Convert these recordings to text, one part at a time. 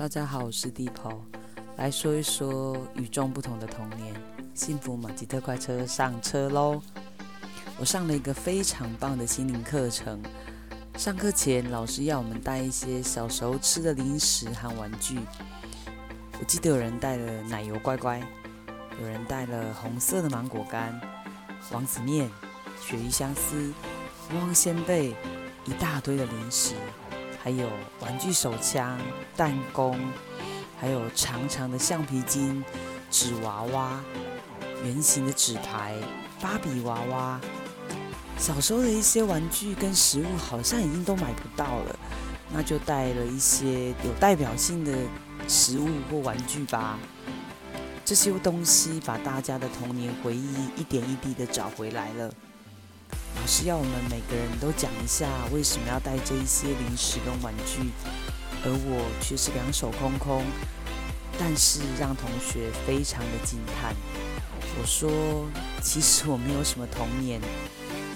大家好，我是 Deepo，來說一說與眾不同的童年。幸福馬吉特快車，上車嘍！我上了一個非常棒的心靈課程。上課前，老師要我們帶一些小時候吃的零食和玩具。我記得有人帶了奶油乖乖，有人帶了紅色的芒果乾、王子面、鱈魚香絲、旺仙貝，一大堆的零食。還有玩具手槍、彈弓，還有長長的橡皮筋、紙娃娃、圓形的紙牌、芭比娃娃。小時候的一些玩具跟食物好像已經都買不到了，那就帶了一些有代表性的食物或玩具吧。這些東西把大家的童年回憶一點一滴的找回來了。是要我們每個人都講一下為什麼要帶這一些零食跟玩具，而我卻是兩手空空，但是讓同學非常的驚嘆。我說，其實我沒有什麼童年，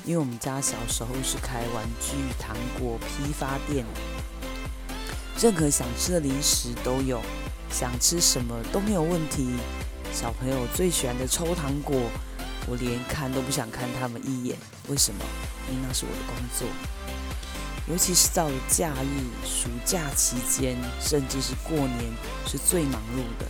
因為我們家小時候是開玩具糖果批發店，任何想吃的零食都有，想吃什麼都沒有問題。小朋友最喜歡的抽糖果。我連看都不想看他們一眼，為什麼？因為那是我的工作，尤其是到了假日、暑假期間，甚至是過年，是最忙碌的。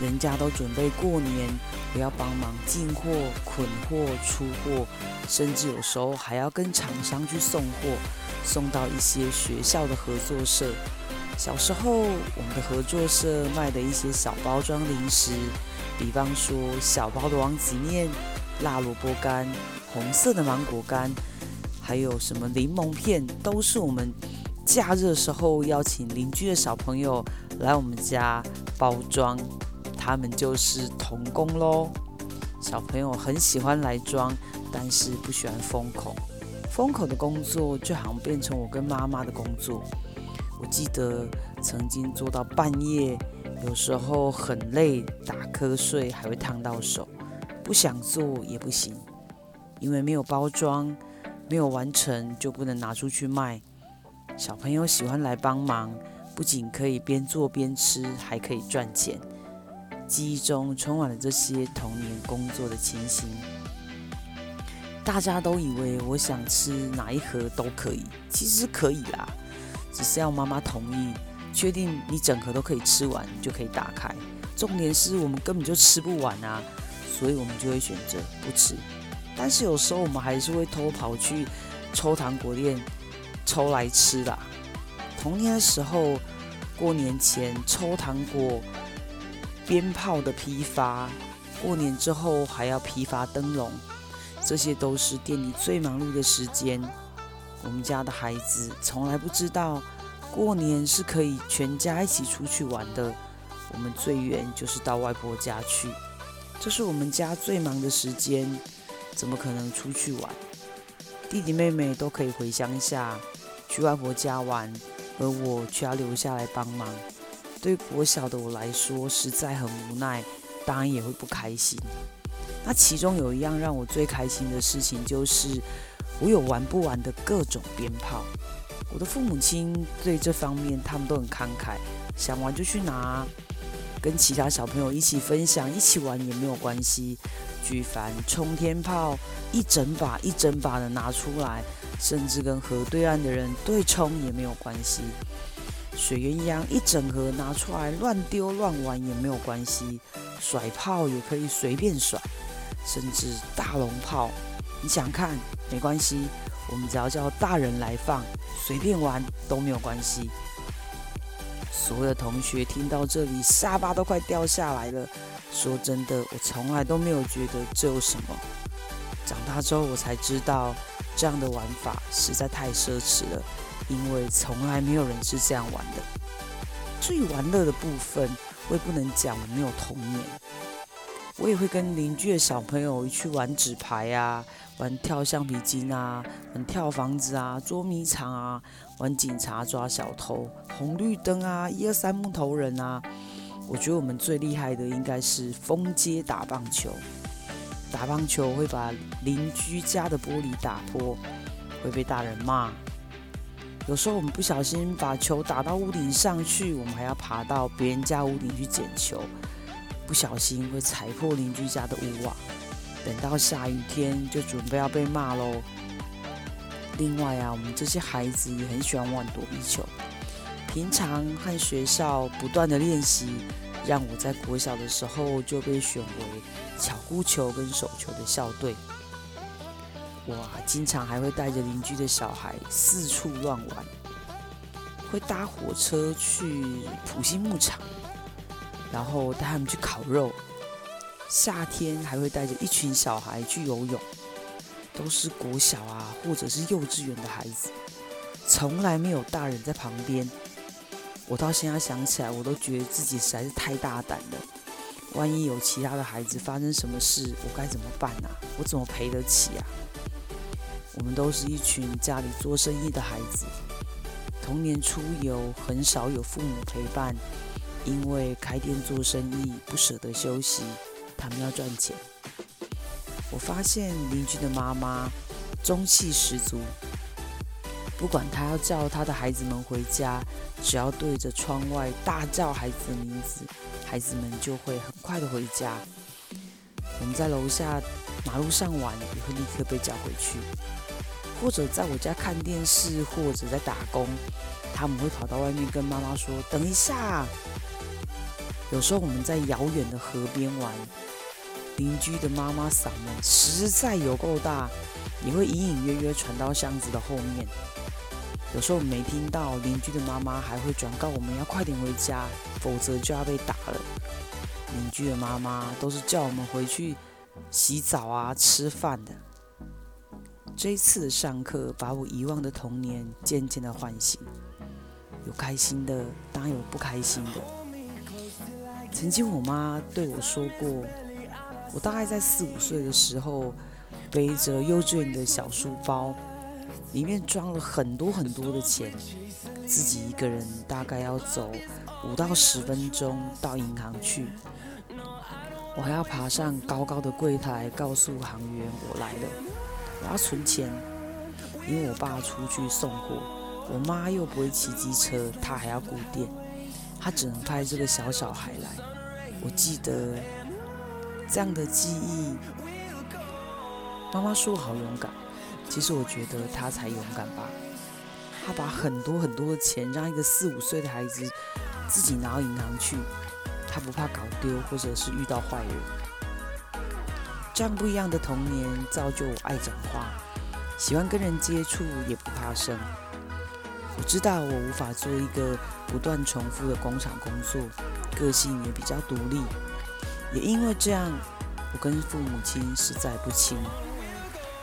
人家都準備過年，我要幫忙進貨、捆貨、出貨，甚至有時候還要跟廠商去送貨，送到一些學校的合作社。小時候，我們的合作社賣的一些小包裝零食。比方說小包的王子麵、辣蘿蔔乾、紅色的芒果乾，還有什麼檸檬片，都是我們假日的時候邀請鄰居的小朋友來我們家包裝，他們就是童工咯，小朋友很喜歡來裝，但是不喜歡封口，封口的工作就好像變成我跟媽媽的工作。我記得曾經做到半夜。有時候很累，打瞌睡還會燙到手，不想做也不行，因為沒有包裝，沒有完成就不能拿出去賣。小朋友喜歡來幫忙，不僅可以邊做邊吃，還可以賺錢。記憶中充滿了這些童年工作的情形，大家都以為我想吃哪一盒都可以，其實可以啦，只是要媽媽同意。確定你整盒都可以吃完，你就可以打開。重點是我們根本就吃不完啊，所以我們就會選擇不吃。但是有時候我們還是會偷跑去抽糖果店抽來吃啦。童年的時候，過年前抽糖果、鞭炮的批發，過年之後還要批發燈籠，這些都是店裡最忙碌的時間。我們家的孩子從來不知道，過年是可以全家一起出去玩的，我們最遠就是到外婆家去。這是我們家最忙的時間，怎麼可能出去玩？弟弟妹妹都可以回鄉下，去外婆家玩，而我卻要留下來幫忙。對國小的我來說，實在很無奈，當然也會不開心。那其中有一樣讓我最開心的事情，就是我有玩不完的各種鞭炮。我的父母親對這方面，他們都很慷慨，想玩就去拿，跟其他小朋友一起分享、一起玩也沒有關係。舉凡沖天炮，一整把一整把的拿出來，甚至跟河對岸的人對沖也沒有關係。水鴛鴦一整盒拿出來亂丟亂玩也沒有關係，甩炮也可以隨便甩，甚至大龍炮。你想看沒關係，我們只要叫大人來放，隨便玩都沒有關係。所有的同學聽到這裡，下巴都快掉下來了。說真的，我從來都沒有覺得這有什麼。長大之後，我才知道這樣的玩法實在太奢侈了，因為從來沒有人是這樣玩的。至於玩樂的部分，我也不能講，我沒有童年。我也會跟鄰居的小朋友去玩紙牌啊。玩跳橡皮筋啊，玩跳房子啊，捉迷藏啊，玩警察抓小偷，紅綠燈啊，一二三木頭人啊。我覺得我們最厲害的應該是封街打棒球。打棒球會把鄰居家的玻璃打破，會被大人罵。有時候我們不小心把球打到屋頂上去，我們還要爬到別人家屋頂去撿球，不小心會踩破鄰居家的屋瓦。等到下雨天，就準備要被罵嘍。另外啊，我們這些孩子也很喜歡玩躲避球。平常和學校不斷的練習，讓我在國小的時候就被選為巧固球跟手球的校隊。哇，經常還會帶着鄰居的小孩四處亂玩，會搭火車去埔心牧場，然後帶他們去烤肉。夏天還會帶着一群小孩去游泳，都是國小啊或者是幼稚園的孩子，從來沒有大人在旁邊。我到現在想起來，我都覺得自己實在是太大膽了。萬一有其他的孩子發生什麼事，我該怎麼辦啊？我怎麼賠得起啊？我們都是一群家裡做生意的孩子，童年出遊很少有父母陪伴，因為開店做生意不捨得休息。他們要賺錢。我發現鄰居的媽媽中氣十足，不管她要叫她的孩子們回家，只要對着窗外大叫孩子的名字，孩子們就會很快的回家。我們在樓下馬路上玩，也會立刻被叫回去；或者在我家看電視，或者在打工，他們會跑到外面跟媽媽說：“等一下。”有時候我們在遙遠的河邊玩，鄰居的媽媽嗓門實在有夠大，也會隱隱約約傳到巷子的後面。有時候沒聽到，鄰居的媽媽還會轉告我們要快點回家，否則就要被打了。鄰居的媽媽都是叫我們回去洗澡啊、吃飯的。這次上課把我遺忘的童年漸漸地喚醒，有開心的，當然有不開心的。曾經我媽對我說過，我大概在四五歲的時候，背着幼稚園的小書包，裡面裝了很多很多的錢，自己一個人大概要走五到十分鐘到銀行去。我還要爬上高高的櫃檯，告訴行員我來了，我要存錢。因為我爸出去送貨，我媽又不會騎機車，她還要顧店。他只能派這個小小孩來。我記得這樣的記憶，媽媽說好勇敢。其實我覺得他才勇敢吧。他把很多很多的錢讓一個四五歲的孩子自己拿到銀行去，他不怕搞丟，或者是遇到壞人。這樣不一樣的童年，造就我愛講話，喜歡跟人接觸，也不怕生。我知道我無法做一個不斷重複的工廠工作，個性也比較獨立，也因為這樣，我跟父母親實在不親。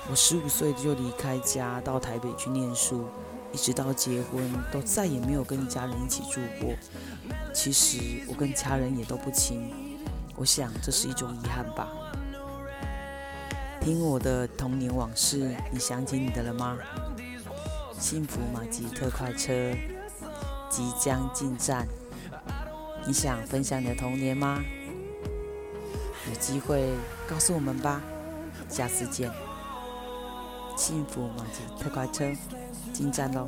我十五歲就離開家到台北去念書，一直到結婚都再也沒有跟家人一起住過。其實我跟家人也都不親，我想這是一種遺憾吧。聽我的童年往事，你想起你的了嗎？幸福麻吉特快車即將進站，你想分享你的童年嗎？有機會告訴我們吧，下次見。幸福麻吉特快車進站嘍。